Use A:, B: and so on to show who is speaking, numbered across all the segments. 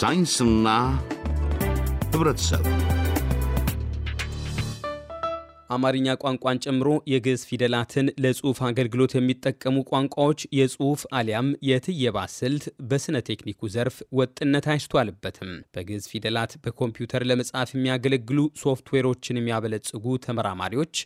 A: ሳይንስና ህብረተሰብ አማርኛ ቋንቋን ጨምሮ የግዕዝ ፊደላትን ለጽሑፍ አገልግሎት የሚጠቀሙ ቋንቋዎች የጽሑፍ አሊያም የትየባ ስልት በሥነ ቴክኒኩ ዘርፍ ወጥነት አይስቷልበትም። በግዕዝ ፊደላት በኮምፒውተር ለመጻፍ የሚያገለግሉ ሶፍትዌሮችን የሚያበለጽጉ ተመራማሪዎች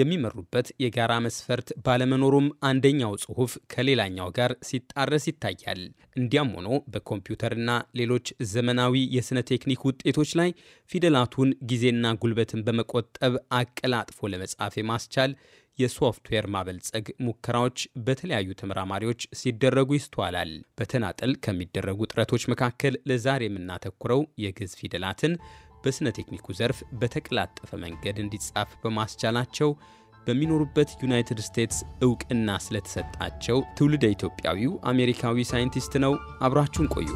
A: የሚመሩበት የጋራ መስፈርት ባለመኖሩም አንደኛው ጽሑፍ ከሌላኛው ጋር ሲጣረስ ይታያል። እንዲያም ሆኖ በኮምፒውተርና ሌሎች ዘመናዊ የሥነ ቴክኒክ ውጤቶች ላይ ፊደላቱን ጊዜና ጉልበትን በመቆጠብ አቀላጥፎ ለመጻፍ የማስቻል የሶፍትዌር ማበልጸግ ሙከራዎች በተለያዩ ተመራማሪዎች ሲደረጉ ይስተዋላል። በተናጠል ከሚደረጉ ጥረቶች መካከል ለዛሬ የምናተኩረው የግዕዝ ፊደላትን በሥነ ቴክኒኩ ዘርፍ በተቀላጠፈ መንገድ እንዲጻፍ በማስቻላቸው በሚኖሩበት ዩናይትድ ስቴትስ እውቅና ስለተሰጣቸው ትውልደ ኢትዮጵያዊው አሜሪካዊ ሳይንቲስት ነው። አብራችሁን ቆዩ።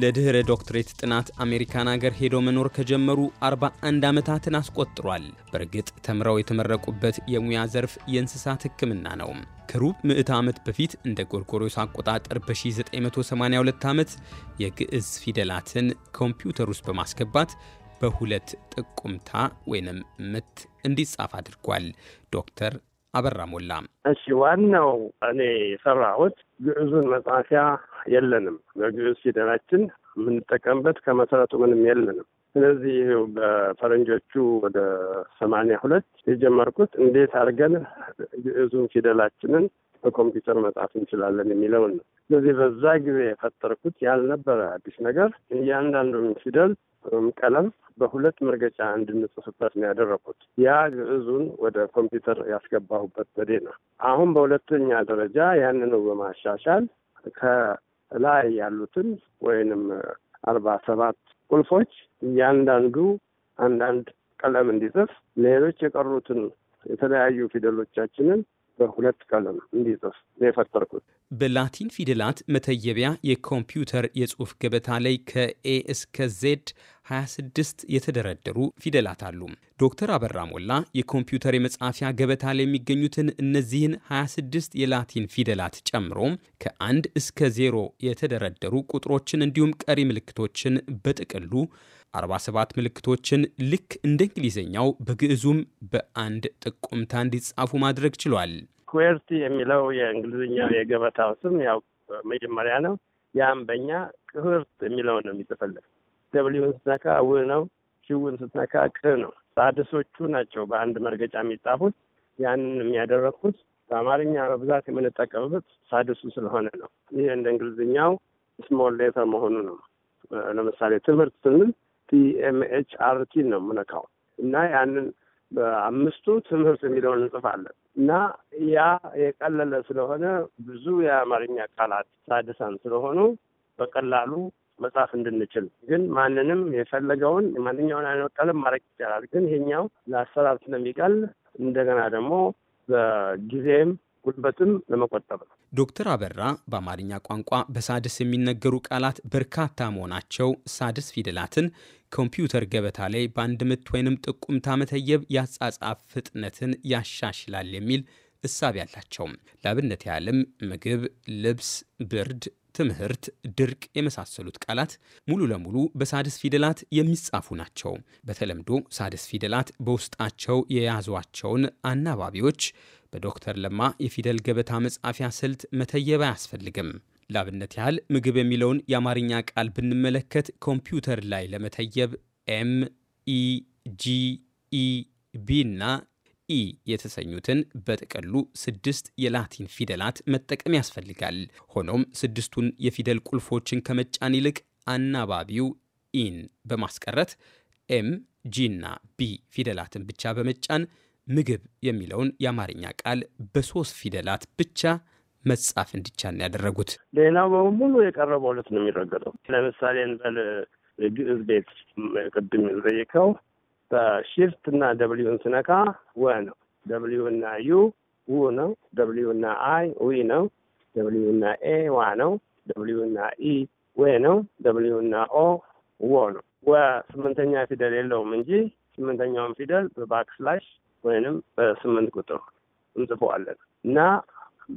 A: ለድኅረ ዶክትሬት ጥናት አሜሪካን አገር ሄደው መኖር ከጀመሩ 41 ዓመታትን አስቆጥሯል። በእርግጥ ተምረው የተመረቁበት የሙያ ዘርፍ የእንስሳት ሕክምና ነው። ከሩብ ምዕተ ዓመት በፊት እንደ ጎርጎሮስ አቆጣጠር በ1982 ዓመት የግዕዝ ፊደላትን ኮምፒውተር ውስጥ በማስገባት በሁለት ጥቁምታ ወይንም ምት እንዲጻፍ አድርጓል። ዶክተር አበራ ሞላ።
B: እሺ ዋናው እኔ የሰራሁት ግዕዙን መጻፊያ የለንም። በግዕዝ ፊደላችን የምንጠቀምበት ከመሰረቱ ምንም የለንም። ስለዚህ ይኸው በፈረንጆቹ ወደ ሰማንያ ሁለት የጀመርኩት እንዴት አድርገን ግዕዙን ፊደላችንን በኮምፒውተር መጻፍ እንችላለን የሚለውን ነው። ስለዚህ በዛ ጊዜ የፈጠርኩት ያልነበረ አዲስ ነገር እያንዳንዱን ፊደል ቀለም በሁለት መርገጫ እንድንጽፍበት ነው ያደረኩት። ያ ግዕዙን ወደ ኮምፒውተር ያስገባሁበት ዘዴ ነው። አሁን በሁለተኛ ደረጃ ያንኑ በማሻሻል ከ ላይ ያሉትን ወይንም አርባ ሰባት ቁልፎች እያንዳንዱ አንዳንድ ቀለም እንዲጽፍ፣ ሌሎች የቀሩትን የተለያዩ ፊደሎቻችንን በሁለት ቀለም እንዲጽፍ የፈጠርኩት።
A: በላቲን ፊደላት መተየቢያ የኮምፒውተር የጽሑፍ ገበታ ላይ ከኤ እስከ ዜድ 26 የተደረደሩ ፊደላት አሉ። ዶክተር አበራ ሞላ የኮምፒውተር የመጻፊያ ገበታ ላይ የሚገኙትን እነዚህን 26 የላቲን ፊደላት ጨምሮ ከአንድ እስከ ዜሮ የተደረደሩ ቁጥሮችን እንዲሁም ቀሪ ምልክቶችን በጥቅሉ 47 ምልክቶችን ልክ እንደ እንግሊዝኛው በግዕዙም በአንድ ጥቁምታ እንዲጻፉ ማድረግ ችሏል።
B: ኩዌርቲ የሚለው የእንግሊዝኛው የገበታው ስም ያው መጀመሪያ ነው። ያም በእኛ ቅህርት የሚለው ነው የሚጽፈለት ደብሊውን ስትነካ ው ነው፣ ሽውን ስትነካ ቅ ነው። ሳድሶቹ ናቸው በአንድ መርገጫ የሚጻፉት። ያንን የሚያደረግኩት በአማርኛ በብዛት የምንጠቀምበት ሳድሱ ስለሆነ ነው። ይህ እንደ እንግሊዝኛው ስሞል ሌተር መሆኑ ነው። ለምሳሌ ትምህርት ስንል ቲኤምኤች አርቲ ነው የምነካው እና ያንን በአምስቱ ትምህርት የሚለውን እንጽፋለን እና ያ የቀለለ ስለሆነ ብዙ የአማርኛ ቃላት ሳድሳን ስለሆኑ በቀላሉ መጻፍ እንድንችል ግን ማንንም የፈለገውን ማንኛውን አይነት ቀለም ማድረግ ይቻላል። ግን ይሄኛው ለአሰራር ስለሚቀል እንደገና ደግሞ በጊዜም ጉልበትም ለመቆጠብ ነው።
A: ዶክተር አበራ በአማርኛ ቋንቋ በሳድስ የሚነገሩ ቃላት በርካታ መሆናቸው ሳድስ ፊደላትን ኮምፒውተር ገበታ ላይ በአንድ ምት ወይንም ጥቁምታ መተየብ የአጻጻፍ ፍጥነትን ያሻሽላል የሚል እሳቤ ያላቸውም። ለአብነት ያህልም ምግብ፣ ልብስ፣ ብርድ፣ ትምህርት፣ ድርቅ የመሳሰሉት ቃላት ሙሉ ለሙሉ በሳድስ ፊደላት የሚጻፉ ናቸው። በተለምዶ ሳድስ ፊደላት በውስጣቸው የያዟቸውን አናባቢዎች በዶክተር ለማ የፊደል ገበታ መጻፊያ ስልት መተየብ አያስፈልግም። ላብነት ያህል ምግብ የሚለውን የአማርኛ ቃል ብንመለከት ኮምፒውተር ላይ ለመተየብ ኤም ኢ ጂ ኢ ቢ እና ኢ የተሰኙትን በጥቅሉ ስድስት የላቲን ፊደላት መጠቀም ያስፈልጋል። ሆኖም ስድስቱን የፊደል ቁልፎችን ከመጫን ይልቅ አናባቢው ኢን በማስቀረት ኤም፣ ጂ እና ቢ ፊደላትን ብቻ በመጫን ምግብ የሚለውን የአማርኛ ቃል በሶስት ፊደላት ብቻ መጻፍ እንዲቻል ያደረጉት።
B: ሌላው በሙሉ የቀረበው ነው የሚረገጠው። ለምሳሌ እንበል ግዕዝ ቤት ቅድም የጠየቀው በሺፍት እና ደብሊውን ስነካ ወ ነው። ደብሊው እና ዩ ው ነው። ደብሊው እና አይ ዊ ነው። ደብሊው እና ኤ ዋ ነው። ደብሊው እና ኢ ዌ ነው። ደብሊው እና ኦ ዎ ነው። ወ ስምንተኛ ፊደል የለውም እንጂ ስምንተኛውን ፊደል በባክስላሽ ወይንም በስምንት ቁጥር እንጽፈዋለን እና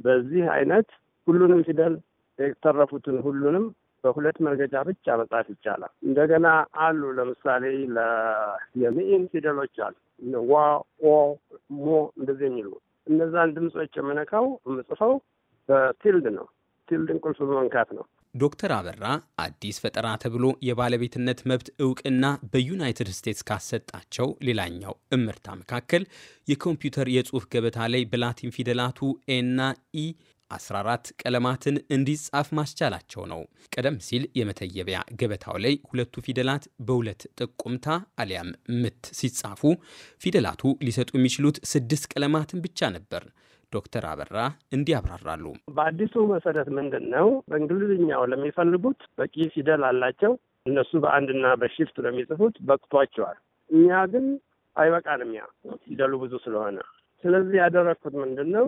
B: በዚህ አይነት ሁሉንም ፊደል የተረፉትን ሁሉንም በሁለት መርገጫ ብቻ መጻፍ ይቻላል። እንደገና አሉ ለምሳሌ የሚኢን ፊደሎች አሉ ዋ፣ ኦ፣ ሞ እንደዚህ የሚሉ እነዛን ድምጾች የምነካው የምጽፈው በቲልድ ነው። ቲልድን ቁልፍ በመንካት ነው።
A: ዶክተር አበራ አዲስ ፈጠራ ተብሎ የባለቤትነት መብት እውቅና በዩናይትድ ስቴትስ ካሰጣቸው ሌላኛው እምርታ መካከል የኮምፒውተር የጽሑፍ ገበታ ላይ በላቲን ፊደላቱ ኤና ኢ 14 ቀለማትን እንዲጻፍ ማስቻላቸው ነው። ቀደም ሲል የመተየቢያ ገበታው ላይ ሁለቱ ፊደላት በሁለት ጥቁምታ አሊያም ምት ሲጻፉ ፊደላቱ ሊሰጡ የሚችሉት ስድስት ቀለማትን ብቻ ነበር። ዶክተር አበራ እንዲህ ያብራራሉ።
B: በአዲሱ መሰረት ምንድን ነው በእንግሊዝኛው ለሚፈልጉት በቂ ፊደል አላቸው። እነሱ በአንድና በሺፍት ለሚጽፉት በቅቷቸዋል። እኛ ግን አይበቃንም ያ ፊደሉ ብዙ ስለሆነ። ስለዚህ ያደረግኩት ምንድን ነው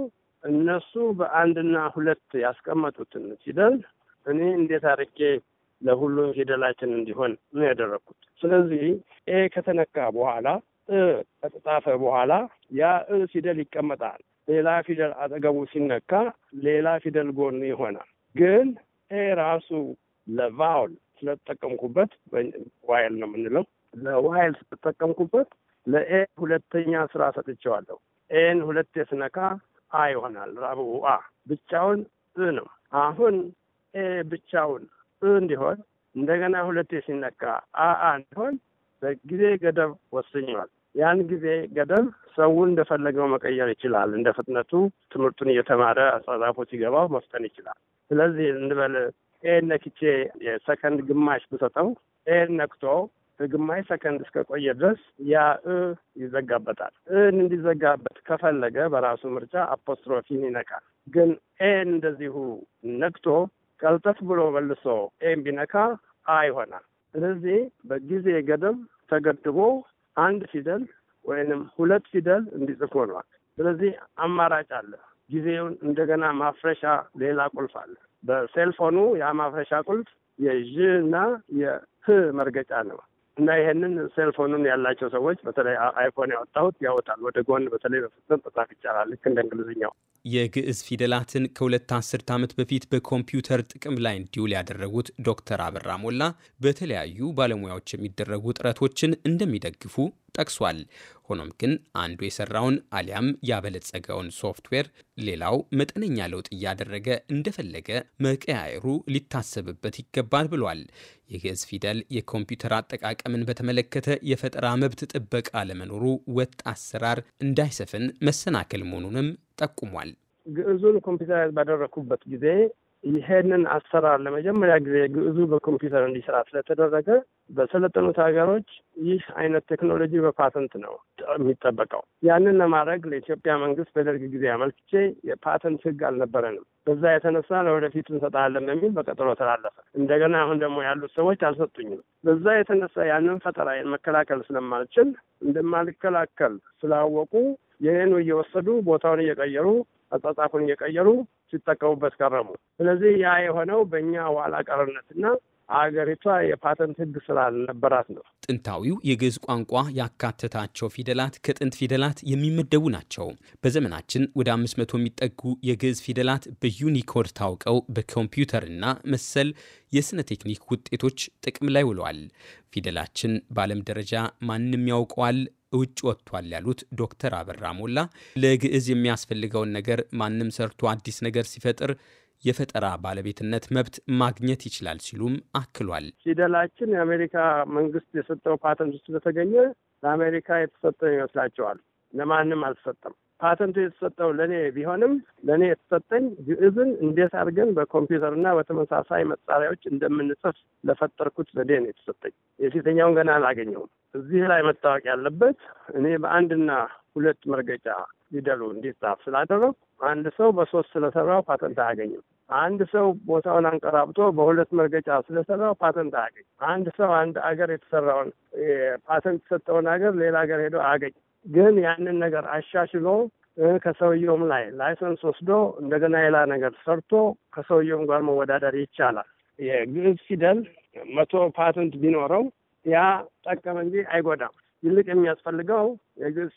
B: እነሱ በአንድና ሁለት ያስቀመጡትን ፊደል እኔ እንዴት አድርጌ ለሁሉም ፊደላችን እንዲሆን ነው ያደረግኩት። ስለዚህ ኤ ከተነካ በኋላ እ ከተጻፈ በኋላ ያ እ ፊደል ይቀመጣል። ሌላ ፊደል አጠገቡ ሲነካ ሌላ ፊደል ጎን ይሆናል። ግን ኤ ራሱ ለቫውል ስለተጠቀምኩበት ዋይል ነው የምንለው። ለዋይል ስለተጠቀምኩበት ለኤ ሁለተኛ ስራ ሰጥቼዋለሁ። ኤን ሁለቴ ስነካ አ ይሆናል። ረቡዕ አ ብቻውን እ ነው። አሁን ኤ ብቻውን እ እንዲሆን እንደገና ሁለቴ ሲነካ አ አ እንዲሆን በጊዜ ገደብ ወስኘዋል። ያን ጊዜ ገደብ ሰውን እንደፈለገው መቀየር ይችላል። እንደ ፍጥነቱ ትምህርቱን እየተማረ አጻጻፉ ሲገባው መፍጠን ይችላል። ስለዚህ እንበል ኤ ነክቼ የሰከንድ ግማሽ ብሰጠው ኤ ነክቶ ግማይ ሰከንድ እስከቆየ ድረስ ያ እ ይዘጋበታል። እን እንዲዘጋበት ከፈለገ በራሱ ምርጫ አፖስትሮፊን ይነካል። ግን ኤን እንደዚሁ ነክቶ ቀልጠፍ ብሎ መልሶ ኤን ቢነካ አ ይሆናል። ስለዚህ በጊዜ ገደብ ተገድቦ አንድ ፊደል ወይንም ሁለት ፊደል እንዲጽፍ ሆኗል። ስለዚህ አማራጭ አለ። ጊዜውን እንደገና ማፍረሻ ሌላ ቁልፍ አለ። በሴልፎኑ ያ ማፍረሻ ቁልፍ የዥ እና የህ መርገጫ ነው። እና ይሄንን ሴልፎኑን ያላቸው ሰዎች በተለይ አይፎን ያወጣሁት ያወጣል ወደ ጎን በተለይ በፍጥነት መጻፍ ይቻላል። ልክ እንደ እንግሊዝኛው
A: የግዕዝ ፊደላትን ከሁለት አስርት ዓመት በፊት በኮምፒውተር ጥቅም ላይ እንዲውል ያደረጉት ዶክተር አበራ ሞላ በተለያዩ ባለሙያዎች የሚደረጉ ጥረቶችን እንደሚደግፉ ጠቅሷል። ሆኖም ግን አንዱ የሰራውን አሊያም ያበለጸገውን ሶፍትዌር ሌላው መጠነኛ ለውጥ እያደረገ እንደፈለገ መቀያየሩ ሊታሰብበት ይገባል ብሏል። የግዕዝ ፊደል የኮምፒውተር አጠቃቀምን በተመለከተ የፈጠራ መብት ጥበቃ ለመኖሩ ወጥ አሰራር እንዳይሰፍን መሰናክል መሆኑንም ጠቁሟል።
B: ግዕዙን ኮምፒውተራይዝ ባደረግኩበት ጊዜ ይሄንን አሰራር ለመጀመሪያ ጊዜ ግዕዙ በኮምፒውተር እንዲሰራ ስለተደረገ በሰለጠኑት ሀገሮች ይህ አይነት ቴክኖሎጂ በፓተንት ነው የሚጠበቀው። ያንን ለማድረግ ለኢትዮጵያ መንግስት በደርግ ጊዜ አመልክቼ የፓተንት ህግ አልነበረንም። በዛ የተነሳ ለወደፊት እንሰጣለን በሚል በቀጠሮ ተላለፈ። እንደገና አሁን ደግሞ ያሉት ሰዎች አልሰጡኝም። በዛ የተነሳ ያንን ፈጠራ መከላከል ስለማልችል እንደማልከላከል ስላወቁ የኔኑ እየወሰዱ ቦታውን እየቀየሩ አጻጻፉን እየቀየሩ ሲጠቀሙበት ቀረሙ። ስለዚህ ያ የሆነው በእኛ ኋላ ቀርነትና አገሪቷ የፓተንት ሕግ ስላልነበራት ነው።
A: ጥንታዊው የግዕዝ ቋንቋ ያካተታቸው ፊደላት ከጥንት ፊደላት የሚመደቡ ናቸው። በዘመናችን ወደ አምስት መቶ የሚጠጉ የግዕዝ ፊደላት በዩኒኮድ ታውቀው በኮምፒውተርና መሰል የሥነ ቴክኒክ ውጤቶች ጥቅም ላይ ውለዋል። ፊደላችን በዓለም ደረጃ ማንም ያውቀዋል ውጭ ወጥቷል ያሉት ዶክተር አበራ ሞላ ለግዕዝ የሚያስፈልገውን ነገር ማንም ሰርቶ አዲስ ነገር ሲፈጥር የፈጠራ ባለቤትነት መብት ማግኘት ይችላል ሲሉም አክሏል።
B: ፊደላችን የአሜሪካ መንግስት የሰጠው ፓተንት ስለተገኘ ለአሜሪካ የተሰጠ ይመስላቸዋል። ለማንም አልተሰጠም። ፓተንቱ የተሰጠው ለእኔ ቢሆንም ለእኔ የተሰጠኝ ግዕዝን እንዴት አድርገን በኮምፒውተርና በተመሳሳይ መሳሪያዎች እንደምንጽፍ ለፈጠርኩት ዘዴ ነው የተሰጠኝ። የፊተኛውን ገና አላገኘውም። እዚህ ላይ መታወቅ ያለበት እኔ በአንድና ሁለት መርገጫ ፊደሉ እንዲጻፍ ስላደረግ አንድ ሰው በሶስት ስለሰራው ፓተንት አያገኝም። አንድ ሰው ቦታውን አንቀራብቶ በሁለት መርገጫ ስለሰራው ፓተንት አያገኝም። አንድ ሰው አንድ አገር የተሰራውን ፓተንት የሰጠውን አገር ሌላ ሀገር ሄዶ አያገኝም። ግን ያንን ነገር አሻሽሎ ከሰውየውም ላይ ላይሰንስ ወስዶ እንደገና ሌላ ነገር ሰርቶ ከሰውየውም ጋር መወዳደር ይቻላል። የግዕዝ ፊደል መቶ ፓተንት ቢኖረው ያ ጠቀመ እንጂ አይጎዳም። ይልቅ የሚያስፈልገው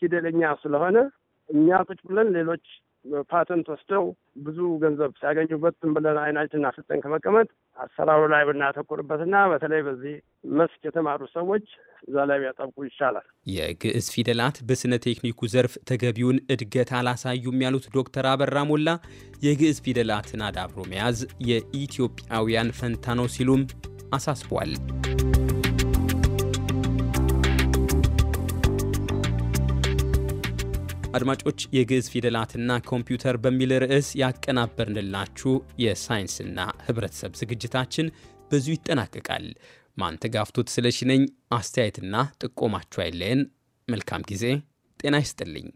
B: ፊደለኛ ስለሆነ እኛ ቁጭ ብለን ሌሎች ፓተንት ወስደው ብዙ ገንዘብ ሲያገኙበት ዝም ብለን አይናችንን አፍጠን ከመቀመጥ አሰራሩ ላይ ብናተኩርበትና በተለይ በዚህ መስክ የተማሩ ሰዎች እዛ ላይ ቢያጠብቁ ይሻላል።
A: የግዕዝ ፊደላት በስነ ቴክኒኩ ዘርፍ ተገቢውን እድገት አላሳዩም ያሉት ዶክተር አበራ ሞላ የግዕዝ ፊደላትን አዳብሮ መያዝ የኢትዮጵያውያን ፈንታ ነው ሲሉም አሳስቧል። አድማጮች የግዕዝ ፊደላትና ኮምፒውተር በሚል ርዕስ ያቀናበርንላችሁ የሳይንስና ህብረተሰብ ዝግጅታችን በዚሁ ይጠናቀቃል። ማንተጋፍቶት ስለሺ ነኝ። አስተያየትና ጥቆማችሁ አይለየን። መልካም ጊዜ። ጤና ይስጥልኝ።